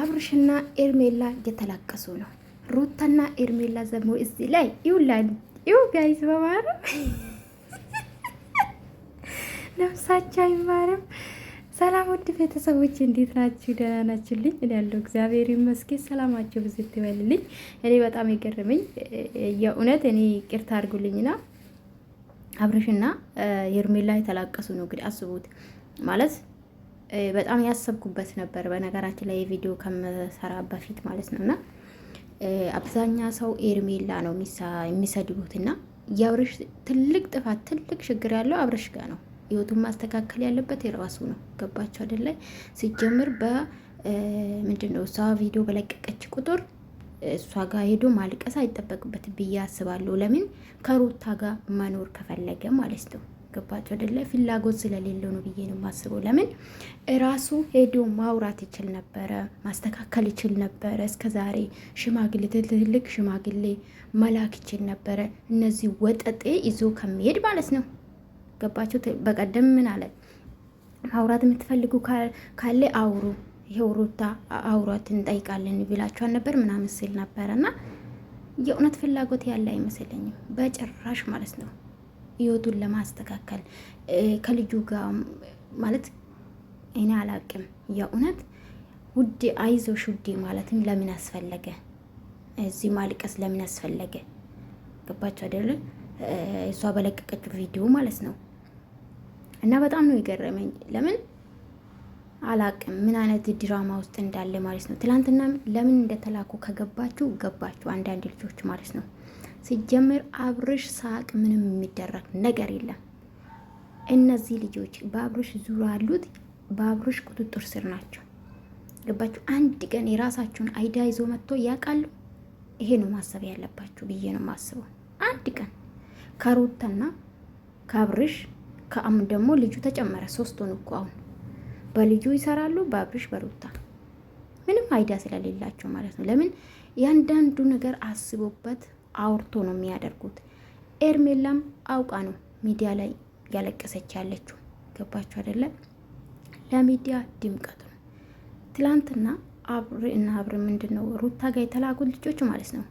አብርሽና ኤርሜላ እየተላቀሱ ነው። ሩታና ኤርሜላ ዘሞ እዚህ ላይ ይውላል። ይው ጋይዝ በማረም ነፍሳቸው አይማርም። ሰላም ውድ ቤተሰቦች እንዴት ናችሁ? ደህና ናችሁልኝ? እኔ ያለው እግዚአብሔር ይመስገን። ሰላማቸው ብዙ ትበልልኝ። እኔ በጣም የገረመኝ የእውነት እኔ ቅርታ አድርጉልኝና አብርሽና ኤርሜላ የተላቀሱ ነው። እንግዲህ አስቡት ማለት በጣም ያሰብኩበት ነበር። በነገራችን ላይ የቪዲዮ ከምሰራ በፊት ማለት ነው። እና አብዛኛ ሰው ኤርሜላ ነው የሚሰድቡት። እና የአብርሽ ትልቅ ጥፋት ትልቅ ችግር ያለው አብርሽ ጋር ነው። ህይወቱን ማስተካከል ያለበት የራሱ ነው። ገባቸው ላይ ሲጀምር በምንድን ነው እሷ ቪዲዮ በለቀቀች ቁጥር እሷ ጋር ሄዶ ማልቀስ አይጠበቅበት ብዬ አስባለሁ። ለምን ከሩታ ጋር መኖር ከፈለገ ማለት ነው ገባቸው አደለ? ፍላጎት ስለሌለው ነው ብዬ ነው የማስበው። ለምን ራሱ ሄዶ ማውራት ይችል ነበረ፣ ማስተካከል ይችል ነበረ። እስከ ዛሬ ሽማግሌ ትልቅ ሽማግሌ መላክ ይችል ነበረ፣ እነዚህ ወጠጤ ይዞ ከሚሄድ ማለት ነው። ገባቸው። በቀደም ምን አለ? ማውራት የምትፈልጉ ካለ አውሩ፣ ይሄው ሩታ አውሯት እንጠይቃለን ብላችኋል ነበር ምናምን ሲል ነበረ እና የእውነት ፍላጎት ያለ አይመስለኝም በጭራሽ ማለት ነው። ህይወቱን ለማስተካከል ከልጁ ጋር ማለት እኔ አላቅም። የእውነት ውዴ አይዞሽ ውዴ ማለትም ለምን አስፈለገ? እዚህ ማልቀስ ለምን አስፈለገ? ገባቸው አይደለ? እሷ በለቀቀችው ቪዲዮ ማለት ነው። እና በጣም ነው የገረመኝ። ለምን አላቅም ምን አይነት ድራማ ውስጥ እንዳለ ማለት ነው። ትላንትና ለምን እንደተላኩ ከገባችሁ ገባችሁ አንዳንድ ልጆች ማለት ነው። ሲጀምር አብርሽ ሳቅ ምንም የሚደረግ ነገር የለም። እነዚህ ልጆች በአብርሽ ዙር አሉት፣ በአብርሽ ቁጥጥር ስር ናቸው። ገባችሁ? አንድ ቀን የራሳቸውን አይዳ ይዞ መጥቶ ያውቃሉ። ይሄ ነው ማሰብ ያለባችሁ ብዬ ነው ማስበው። አንድ ቀን ከሩታና ከአብርሽ ከአሁን ደግሞ ልጁ ተጨመረ። ሶስቱን እኮ አሁን በልጁ ይሰራሉ፣ በአብርሽ በሩታ ምንም አይዳ ስለሌላቸው ማለት ነው። ለምን ያንዳንዱ ነገር አስቦበት አውርቶ ነው የሚያደርጉት። ኤርሜላም አውቃ ነው ሚዲያ ላይ ያለቀሰች ያለችው። ገባችሁ አይደለም? ለሚዲያ ድምቀት ነው። ትላንትና አብር እና አብር ምንድን ነው ሩታ ጋር የተላኩት ልጆች ማለት ነው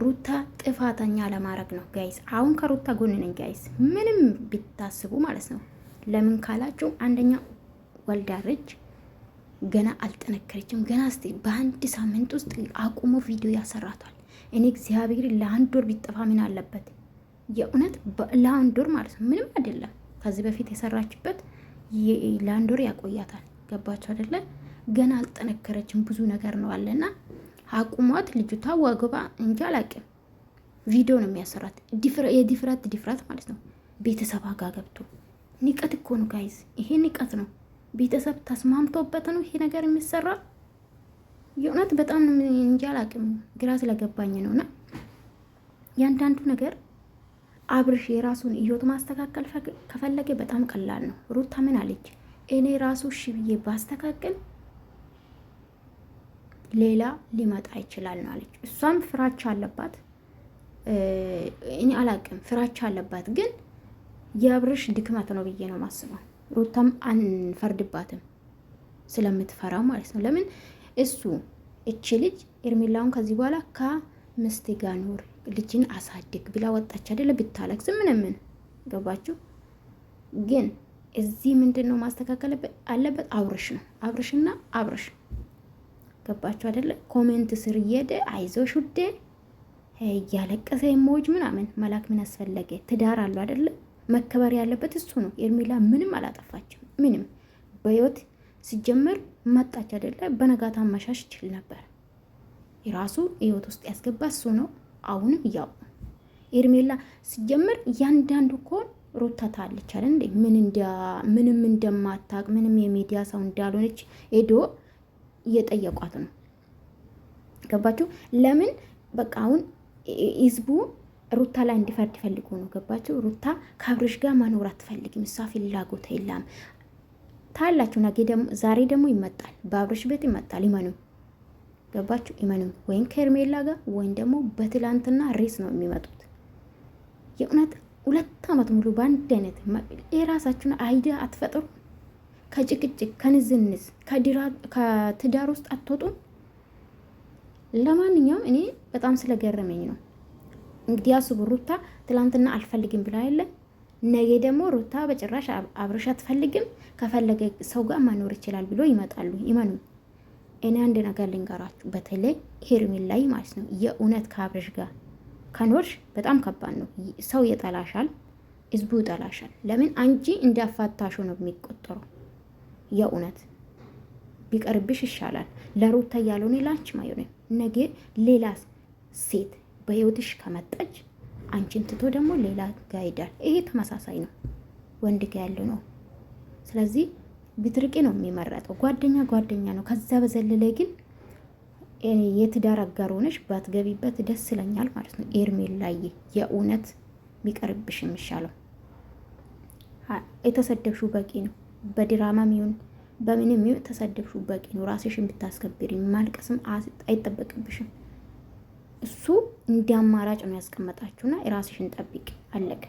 ሩታ ጥፋተኛ ለማድረግ ነው ጋይስ። አሁን ከሩታ ጎን ነኝ ጋይስ፣ ምንም ቢታስቡ ማለት ነው። ለምን ካላችሁ አንደኛ ወልዳረች ገና አልጠነከረችም። ገና እስኪ በአንድ ሳምንት ውስጥ አቁሞ ቪዲዮ ያሰራቷል። እኔ እግዚአብሔር ለአንድ ወር ቢጠፋ ምን አለበት? የእውነት ለአንድ ወር ማለት ነው ምንም አይደለም። ከዚህ በፊት የሰራችበት ለአንድ ወር ያቆያታል። ገባቸው አይደለ? ገና አልጠነከረችም። ብዙ ነገር ነው አለና አቁሟት ልጅቷ ወገባ እንጂ አላውቅም። ቪዲዮ ነው የሚያሰራት የድፍረት ድፍረት ማለት ነው። ቤተሰብ አጋ ገብቶ ንቀት እኮ ነው ጋይዝ፣ ይሄ ንቀት ነው። ቤተሰብ ተስማምቶበት ነው ይሄ ነገር የሚሰራ። የእውነት በጣም እንጂ አላቅም፣ ግራ ስለገባኝ ነውና ያንዳንዱ ነገር አብርሽ የራሱን እዮት ማስተካከል ከፈለገ በጣም ቀላል ነው። ሩታ ምን አለች? እኔ ራሱ እሺ ብዬ ባስተካከል ሌላ ሊመጣ ይችላል ነው አለች። እሷም ፍራቻ አለባት፣ እኔ አላቅም፣ ፍራቻ አለባት። ግን የአብርሽ ድክመት ነው ብዬ ነው ማስበው። ሩታም አንፈርድባትም ስለምትፈራ ማለት ነው ለምን እሱ እቺ ልጅ ኤርሜላውን ከዚህ በኋላ ከምስት ጋር ኖር ልጅን አሳድግ ብላ ወጣች አይደለ? ብታለቅስ ምን ገባችሁ? ግን እዚህ ምንድን ነው ማስተካከል አለበት? አብርሽ ነው አብርሽና አብርሽ ገባችሁ አይደለ? ኮሜንት ስር እየሄደ አይዞሽ ውዴ እያለቀሰ የሞጅ ምናምን መላክ ምን አስፈለገ? ትዳር አለው አይደለ? መከበር ያለበት እሱ ነው። ኤርሜላ ምንም አላጠፋችም። ምንም በህይወት ሲጀመር መጣች አይደለ? በነጋታ መሻሽ ይችል ነበር። የራሱ ህይወት ውስጥ ያስገባ እሱ ነው። አሁንም ያው ኤርሜላ ሲጀመር ያንዳንዱ እኮ ሩታ ታለች አለ እንዴ ምን ምንም እንደማታቅ ምንም የሚዲያ ሰው እንዳልሆነች ሄዶ እየጠየቋት ነው። ገባችሁ? ለምን በቃ አሁን ህዝቡ ሩታ ላይ እንዲፈርድ ይፈልጉ ነው። ገባችሁ? ሩታ ከአብርሽ ጋር መኖር አትፈልግም። እሷ ፍላጎት የላም። ታላችሁ ነገ ደግሞ ዛሬ ደግሞ ይመጣል፣ በአብረሽ ቤት ይመጣል። ይመኑ ገባችሁ? ይመኑ ወይም ከርሜላ ጋር ወይም ደግሞ በትላንትና ሬስ ነው የሚመጡት። የእውነት ሁለት ዓመት ሙሉ በአንድ አይነት የራሳችሁን አይዳ አትፈጥሩ። ከጭቅጭቅ ከንዝንዝ ከትዳር ውስጥ አትወጡም። ለማንኛውም እኔ በጣም ስለገረመኝ ነው እንግዲህ ያሱ ብሩታ ትላንትና አልፈልግም ብላ የለን ነገ ደግሞ ሩታ በጭራሽ አብረሽ አትፈልግም ከፈለገ ሰው ጋር መኖር ይችላል ብሎ ይመጣሉ። ይመኑ እኔ አንድ ነገር ልንገራችሁ፣ በተለይ ሄርሜላ ላይ ማለት ነው። የእውነት ከአብረሽ ጋር ከኖርሽ በጣም ከባድ ነው። ሰው የጠላሻል ህዝቡ ይጠላሻል። ለምን አንቺ እንዳፋታሹ ነው የሚቆጠረው። የእውነት ቢቀርብሽ ይሻላል። ለሩታ ያልሆነ ላንቺ ማይሆን ነገ ሌላ ሴት በህይወትሽ ከመጣች አንቺን ትቶ ደግሞ ሌላ ጋ ይሄዳል። ይሄ ተመሳሳይ ነው፣ ወንድ ጋ ያለ ነው። ስለዚህ ብትርቂ ነው የሚመረጠው። ጓደኛ ጓደኛ ነው። ከዛ በዘለለ ግን የትዳር አጋር ሆነሽ ባትገቢበት ደስ ይለኛል ማለት ነው። ላይ የእውነት ቢቀርብሽ የሚሻለው የተሰደብሽው በቂ ነው። በድራማ ይሁን በምንም ይሁን የተሰደብሽው በቂ ነው። ራስሽን ብታስከብሪ ማልቀስም አይጠበቅብሽም። እሱ እንዲያማራጭ አማራጭ ነው ያስቀመጣችሁና የራስሽን ጠብቅ አለቀ።